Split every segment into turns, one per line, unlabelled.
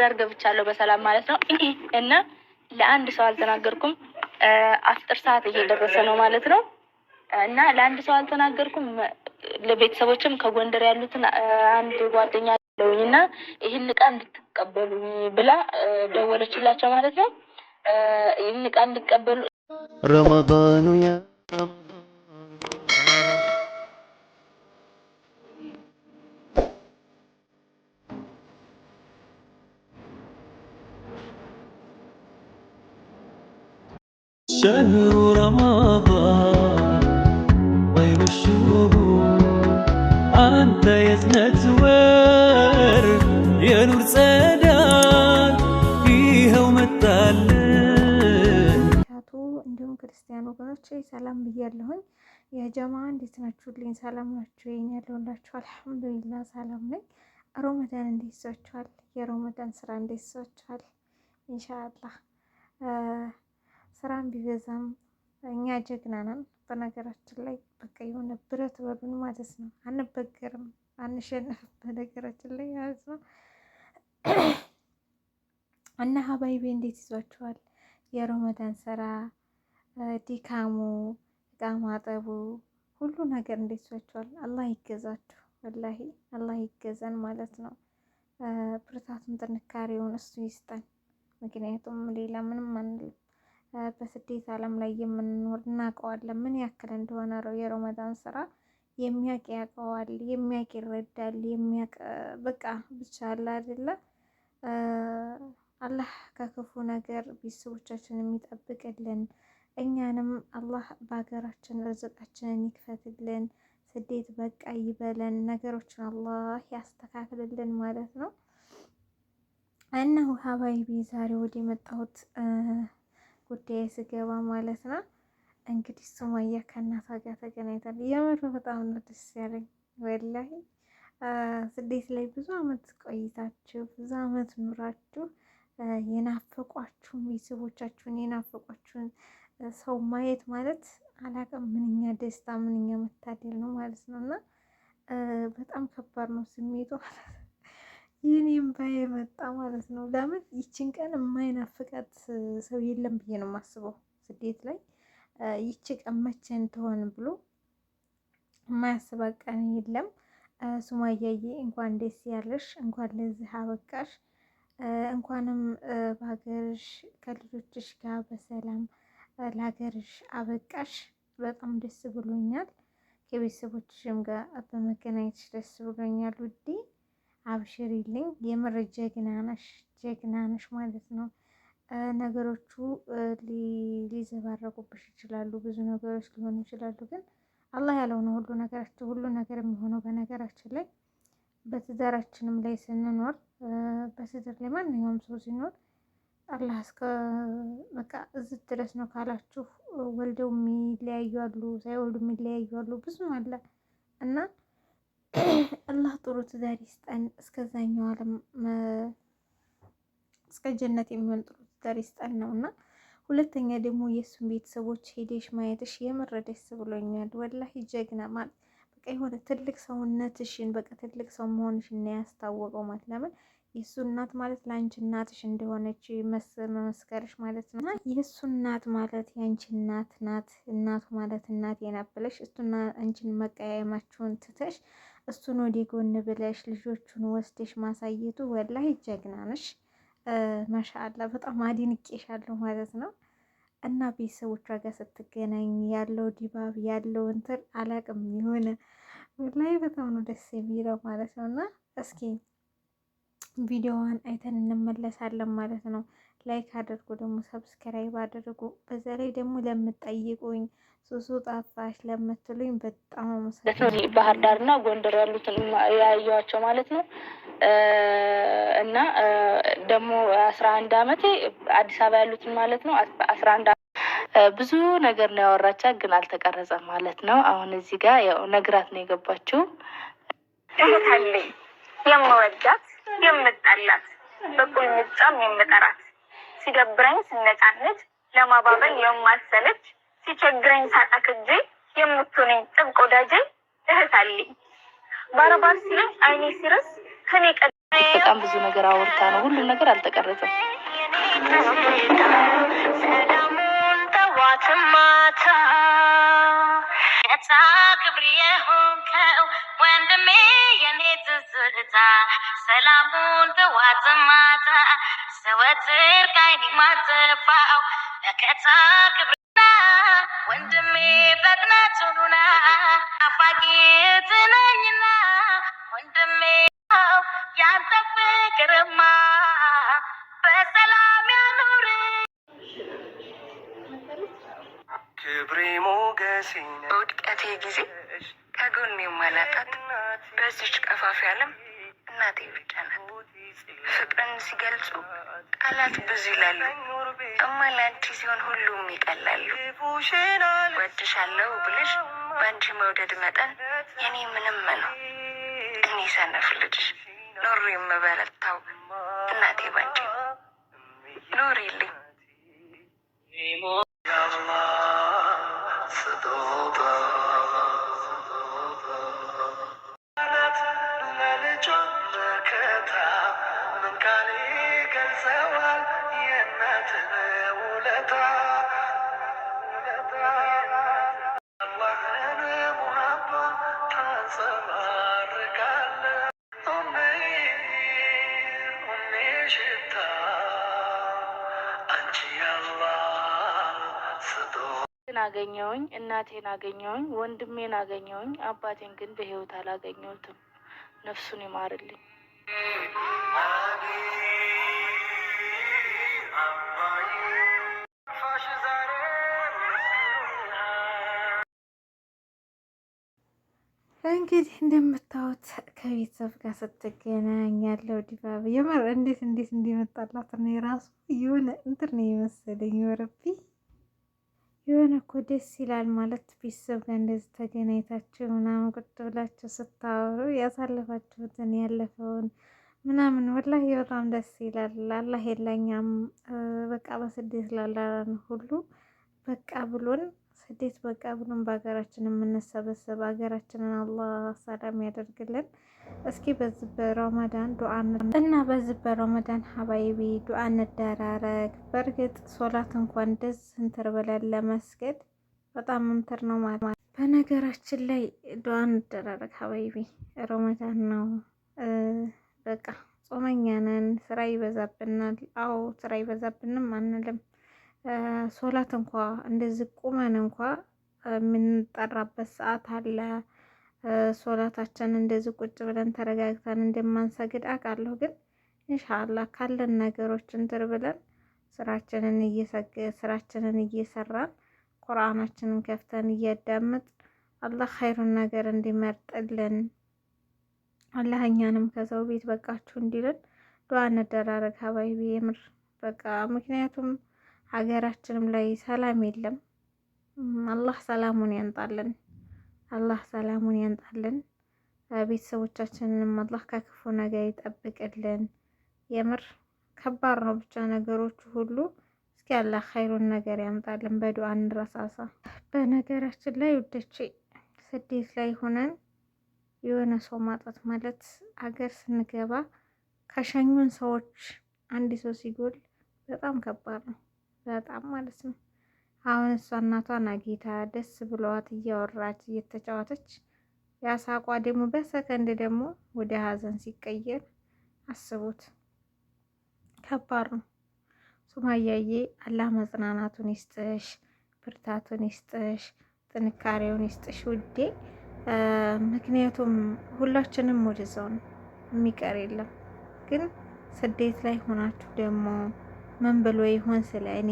ዳር ገብቻለሁ በሰላም ማለት ነው። እና ለአንድ ሰው አልተናገርኩም። አፍጥር ሰዓት እየደረሰ ነው ማለት ነው። እና ለአንድ ሰው አልተናገርኩም። ለቤተሰቦችም ከጎንደር ያሉትን አንድ ጓደኛ አለውኝ እና ይህን ዕቃ እንድትቀበሉኝ ብላ ደወለችላቸው ማለት ነው። ይህን ዕቃ እንድትቀበሉ
ረመዳኑ شهر رمضان طيب الشهور أنت يا زنتور يا نور ጸዳል ይኸው መጣለን።
እንዲሁም ክርስቲያን ወገኖቼ ሰላም ብያለሁኝ። የጀማ እንዴት ናችሁልኝ? ሰላም ናችሁ? ይሄን ያለውላችሁ አልሐምዱሊላ ሰላም ነኝ። ሮመዳን እንዴት ይዟችኋል? የሮመዳን ስራ እንዴት ሰችኋል ኢንሻአላህ ስራም ቢበዛም እኛ ጀግና ነን። በነገራችን ላይ በቃ የሆነ ብረት በሉን ማለት ነው። አንበገርም፣ አንሸነፍም። በነገራችን ላይ ማለት ነው እና ሀባይቤ እንዴት ይዟችኋል? የሮመዳን ስራ ዲካሙ፣ እቃ ማጠቡ፣ ሁሉ ነገር እንዴት ይዟችኋል? አላህ ይገዛችሁ። ወላሂ አላህ ይገዛን ማለት ነው። ብርታቱን ጥንካሬውን እሱ ይስጠን። ምክንያቱም ሌላ ምንም አንልም። በስደት ዓለም ላይ የምንኖር እናውቀዋለን ምን ያክል እንደሆነ የረመዳን ስራ የሚያውቅ ያውቀዋል፣ የሚያቅ ይረዳል፣ የሚያውቅ በቃ ብቻ አለ አይደለ? አላህ ከክፉ ነገር ቤተሰቦቻችን የሚጠብቅልን እኛንም አላህ በሀገራችን ርዝቃችንን ይክፈትልን። ስደት በቃ ይበለን፣ ነገሮችን አላህ ያስተካክልልን ማለት ነው። እና ሀባይቢ ዛሬ ወደ መጣሁት ጉዳይ ስገባ ማለት ነው። እንግዲህ ሱመያ ከእናቷ ጋር ተገናኝታል። የምር በጣም ነው ደስ ያለኝ ወላሂ። ስደት ላይ ብዙ አመት ቆይታችሁ ብዙ አመት ኑራችሁ የናፈቋችሁን ቤተሰቦቻችሁን የናፈቋችሁን ሰው ማየት ማለት አላቅም ምንኛ ደስታ ምንኛ መታደል ነው ማለት ነው። እና በጣም ከባድ ነው ስሜቱ ማለት ነው። ይህን እምባዬ መጣ ማለት ነው። ለምን ይችን ቀን የማይናፍቃት ሰው የለም ብዬ ነው የማስበው። ስደት ላይ ይቺ ቀን መቼን ትሆን ብሎ የማያስባት ቀን የለም። ሱማያዬ እንኳን ደስ ያለሽ፣ እንኳን ለዚህ አበቃሽ፣ እንኳንም በሀገርሽ ከልጆችሽ ጋር በሰላም ለሀገርሽ አበቃሽ። በጣም ደስ ብሎኛል። ከቤተሰቦችሽም ጋር በመገናኘትሽ ደስ ብሎኛል ውዴ። አብሽሪልኝ፣ የምር ጀግና ነሽ ጀግና ነሽ ማለት ነው። ነገሮቹ ሊዘባረቁብሽ ይችላሉ፣ ብዙ ነገሮች ሊሆኑ ይችላሉ። ግን አላህ ያለው ነው ሁሉ ነገራችን ሁሉ ነገር የሚሆነው። በነገራችን ላይ በትዳራችንም ላይ ስንኖር በስድር ላይ ማንኛውም ሰው ሲኖር አላህ እስከ በቃ እዚህ ድረስ ነው ካላችሁ ወልደው የሚለያዩ አሉ፣ ሳይወልዱ የሚለያዩ አሉ፣ ብዙም አለ እና አላህ ጥሩ ትዳር ይስጠን። እስከዛኛው ዓለም እስከ ጀነት የሚሆን ጥሩ ትዳር ይስጠን ነው እና ሁለተኛ ደግሞ የእሱን ቤተሰቦች ሄደሽ ማየትሽ የምር ደስ ብሎኛል። ወላሂ ጀግና ማለት በቃ የሆነ ትልቅ ሰውነትሽን በቃ ትልቅ ሰው መሆንሽን ነው ያስታወቀው ማለት ለምን የእሱ እናት ማለት ለአንቺ እናትሽ እንደሆነች መመስከርሽ ማለት ነው። እና የእሱ እናት ማለት የአንቺ እናት ናት። እናቱ ማለት እናት ናት ብለሽ እሱና አንቺን መቀያየማችሁን ትተሽ እሱን ወደ ጎን ብለሽ ልጆቹን ወስደሽ ማሳየቱ ወላሂ ጀግና ነሽ። ማሻአላ በጣም አድንቄሻለሁ ማለት ነው። እና ቤተሰቦቿ ጋር ስትገናኝ ያለው ድባብ ያለው እንትን አላቅም የሆነ ላይ በጣም ነው ደስ የሚለው ማለት ነው እና እስኪ ቪዲዮዋን አይተን እንመለሳለን ማለት ነው። ላይክ አድርጉ፣ ደግሞ ሰብስክራይብ አድርጉ። በዛ ላይ ደግሞ ለምጠይቁኝ ሱሱ ጣፋሽ ለምትሉኝ በጣም
አመሰግናለሁ። ባህር ዳርና ጎንደር ያሉትን ያየኋቸው ማለት ነው። እና ደግሞ አስራ አንድ አመቴ አዲስ አበባ ያሉትን ማለት ነው። አስራ አንድ ብዙ ነገር ነው ያወራቻ፣ ግን አልተቀረጸም ማለት ነው። አሁን እዚህ ጋር ያው ነግራት ነው የገባችው እህት አለኝ የምወዳት የምጠላት ምጫም የምጠራት ሲደብረኝ ስነጫነች ለማባበል የማሰለች ሲቸግረኝ ሳጣክጄ የምትሆነኝ ጥብቅ ወዳጄ እህት ባረባር ሲለኝ አይኔ ሲርስ ከኔ ቀ በጣም ብዙ ነገር አውርታ ነው። ሁሉም ነገር አልተቀረጸም። ሰላሙን ጠዋት ማታ ውለታ ክብር የሆንከው ወንድሜ የኔ ትዝታ ሰላሙን ጥዋት ማታ ዘወትር ካይኒ ማትፋው
ለከታ ክብርና ወንድሜ በቅናት አፋቂ ትነኝና ወንድሜ ያንተ ፍቅርማ በሰላም ያ ክብሬ ሞገሴ በውድቀቴ ጊዜ ከጎን የማላጣት በዚች ቀፋፊ ዓለም እናቴ ብቻ ናት። ፍቅርን ሲገልጹ ቃላት ብዙ ይላሉ፣ እማ ለአንቺ ሲሆን ሁሉም ይቀላሉ። ወድሻለሁ ብልሽ በአንቺ መውደድ መጠን የኔ ምንም ነው። እኔ ሰነፍ ልጅሽ ኖሮ የምበረታው እናቴ ባንቺ ኖር የለኝ
አገኘውኝ እናቴን አገኘውኝ ወንድሜን አገኘውኝ አባቴን ግን በህይወት አላገኘሁትም። ነፍሱን ይማርልኝ።
እንግዲህ እንደምታዩት ከቤተሰብ ጋር ስትገናኝ ያለው ድባብ የምር እንዴት እንዴት እንዲመጣላት ነው የራሱ የሆነ እንትን ነው የመሰለኝ። ወረብኝ የሆነ እኮ ደስ ይላል ማለት ቤተሰብ ጋር እንደዚህ ተገናኝታችሁ ምናምን ቁጭ ብላችሁ ስታወሩ ያሳለፋችሁትን ያለፈውን ምናምን ወላሂ በጣም ደስ ይላል። አላህ የላኛም በቃ በስደት ላላራን ሁሉ በቃ ብሎን ስደት በቃ ብሎም በሀገራችን የምንሰበሰብ ሀገራችንን አላህ ሰላም ያደርግልን። እስኪ በዚህ በረመዳን ዱዓ እና በዚህ በረመዳን ሀባይቢ ዱዓ እንደራረግ። በእርግጥ ሶላት እንኳን ደስ እንትር ብለን ለመስገድ በጣም እንትር ነው ማለት። በነገራችን ላይ ዱዓ እንደራረግ ሀባይቢ፣ ረመዳን ነው በቃ ጾመኛ ነን፣ ስራ ይበዛብናል። አዎ ስራ ይበዛብንም አንልም ሶላት እንኳ እንደዚህ ቁመን እንኳ የምንጠራበት ሰዓት አለ። ሶላታችን እንደዚህ ቁጭ ብለን ተረጋግተን እንደማንሰግድ አውቃለሁ። ግን እንሻላ ካለን ነገሮች እንትር ብለን ስራችንን ስራችንን እየሰራን ቁርአናችንን ከፍተን እያዳመጥ አላህ ኸይሩን ነገር እንዲመርጥልን አላህ እኛንም ከሰው ቤት በቃችሁ እንዲልን ዱዓ እንደራረግ ሀባይቢ የምር በቃ ምክንያቱም ሀገራችንም ላይ ሰላም የለም። አላህ ሰላሙን ያንጣልን። አላህ ሰላሙን ያንጣልን። ቤተሰቦቻችንንም አላህ ከክፉ ነገር ይጠብቅልን። የምር ከባድ ነው ብቻ ነገሮቹ ሁሉ። እስኪ አላህ ኸይሩን ነገር ያምጣልን። በዱዓ እንረሳሳ። በነገራችን ላይ ውደቼ ስደት ላይ ሆነን የሆነ ሰው ማጣት ማለት አገር ስንገባ ከሸኙን ሰዎች አንድ ሰው ሲጎል በጣም ከባድ ነው። በጣም ማለት ነው። አሁን እሷ እናቷን አግኝታ ደስ ብሏት እያወራች እየተጫወተች ያሳቋ ደግሞ በሰከንድ ደግሞ ወደ ሀዘን ሲቀየር አስቡት። ከባድ ነው። ሱማያዬ አላህ መጽናናቱን ይስጥሽ፣ ብርታቱን ይስጥሽ፣ ጥንካሬውን ይስጥሽ ውዴ። ምክንያቱም ሁላችንም ወደዛው ነው የሚቀር የለም። ግን ስደት ላይ ሆናችሁ ደግሞ ምን ብሎ ይሆን ስለ እኔ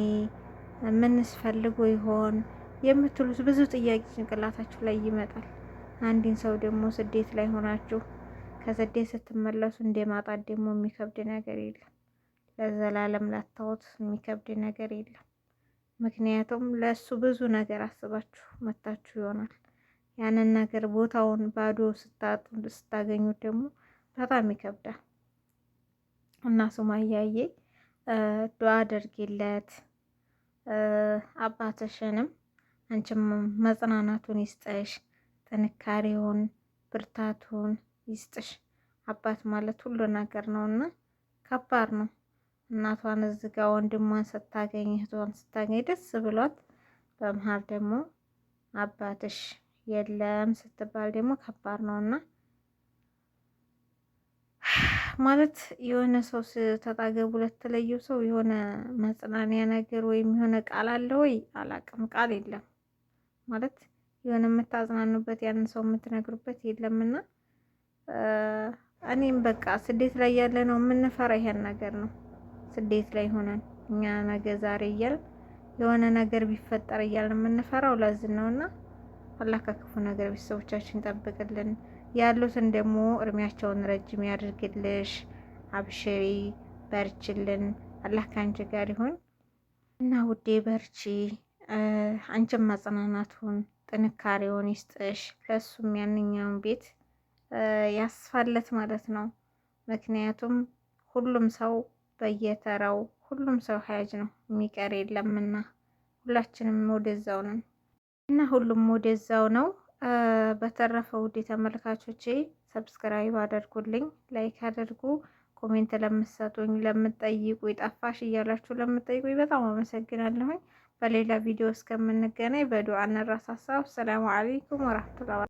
ምንስ ፈልጎ ይሆን የምትሉት ብዙ ጥያቄ ጭንቅላታችሁ ላይ ይመጣል። አንድን ሰው ደግሞ ስደት ላይ ሆናችሁ ከስደት ስትመለሱ እንደማጣት ደግሞ የሚከብድ ነገር የለም። ለዘላለም ላታወት የሚከብድ ነገር የለም። ምክንያቱም ለእሱ ብዙ ነገር አስባችሁ መታችሁ ይሆናል። ያንን ነገር ቦታውን ባዶ ስታገኙት ደግሞ በጣም ይከብዳል እና ሱማያዬ ዱዓ አድርጊለት፣ አባትሽንም አንቺም መጽናናቱን ይስጠሽ ጥንካሬውን ብርታቱን ይስጥሽ። አባት ማለት ሁሉ ነገር እና ከባድ ነው። እናቷን እዚህ ወንድሟን ስታገኝ እህቷን ስታገኝ ደስ ብሏት፣ በመሀል ደግሞ አባትሽ የለም ስትባል ደግሞ ከባድ ነውና ማለት የሆነ ሰው ስተጣገቡ ለተለየው ሰው የሆነ መጽናኒያ ነገር ወይም የሆነ ቃል አለ ወይ? አላቅም። ቃል የለም ማለት የሆነ የምታጽናኑበት ያንን ሰው የምትነግሩበት የለምና እኔም በቃ ስደት ላይ ያለ ነው የምንፈራ ይሄን ነገር ነው። ስደት ላይ ሆነን እኛ ነገ ዛሬ እያልን የሆነ ነገር ቢፈጠር እያልን የምንፈራው ላዝን ነው አላህ አላካክፉ ነገር ቤተሰቦቻችን ይጠብቅልን። ያሉትን ደግሞ እድሜያቸውን ረጅም ያድርግልሽ። አብሽሪ፣ በርችልን፣ አላህ ከአንቺ ጋር ይሁን እና ውዴ በርቺ። አንቺም መጽናናቱን ጥንካሬውን ይስጥሽ። ለሱም ያንኛውን ቤት ያስፋለት ማለት ነው። ምክንያቱም ሁሉም ሰው በየተራው ሁሉም ሰው ሀያጅ ነው፣ የሚቀር የለምና ሁላችንም ወደዛው ነን እና ሁሉም ወደዛው ነው። በተረፈ ውድ ተመልካቾቼ ሰብስክራይብ አድርጉልኝ፣ ላይክ አድርጉ። ኮሜንት ለምትሰጡኝ፣ ለምትጠይቁ ይጠፋሽ እያላችሁ ለምትጠይቁኝ በጣም አመሰግናለሁኝ። በሌላ ቪዲዮ እስከምንገናኝ በዱዓ እንረሳሳ። ሰላሙ አለይኩም ወራህመቱላሂ